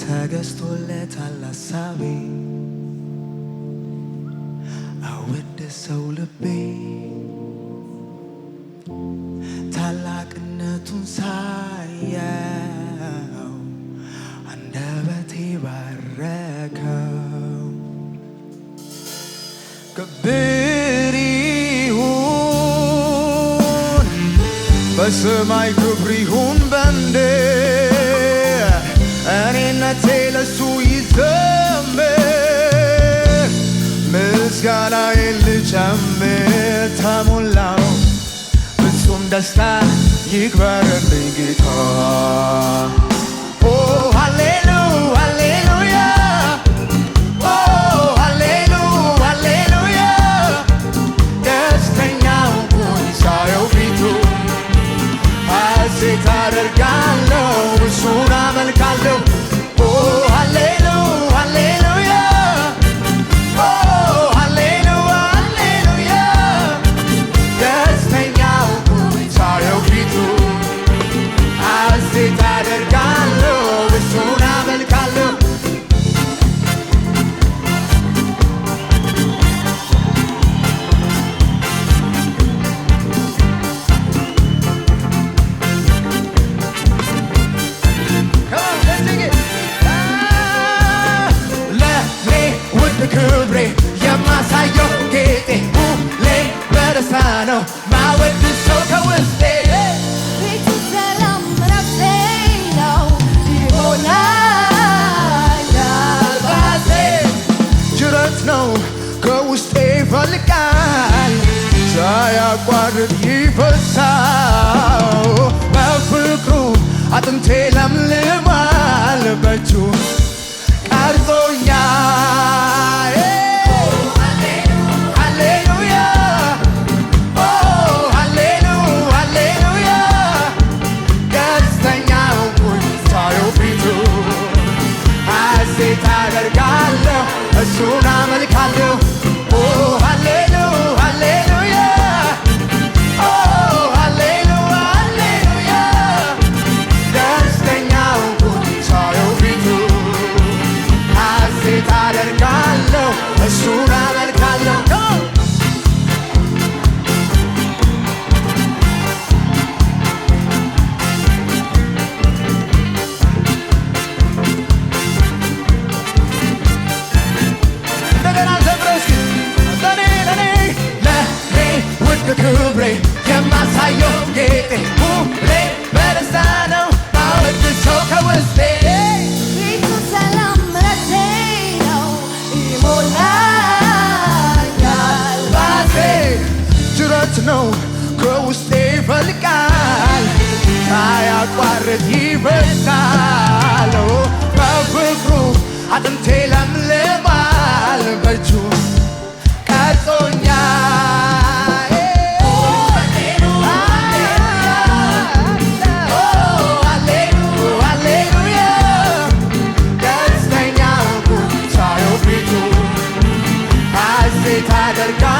ተገዝቶለታል ሀሳቤ አወደሰው ልቤ ታላቅነቱን ሳ ክብር ይሁን በሰማይ ክብር ይሁን በምድር እኔነቴ ለሱ ይዘምር ምስጋናዬን ልጨምር ተሞላው ፍጹም ደስታ ይክበርልኝ ጌታ እንዴት አደርጋ No, Girl, we stay for the guy Try our the evil sound Well, the crew, I don't tell es una እውነት ነው ከውስጤ ይፈልቃል ሳያቋርጥ ይበታል በፍቅሩ አጥንቴ ለምልማል በእጁ ቀርጾኛል ታደርጋ